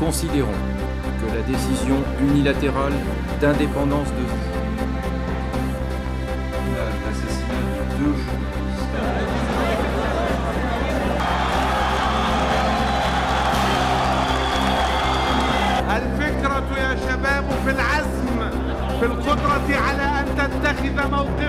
Considérons que la décision unilatérale d'indépendance de بالقدرة على أن تتخذ موقفا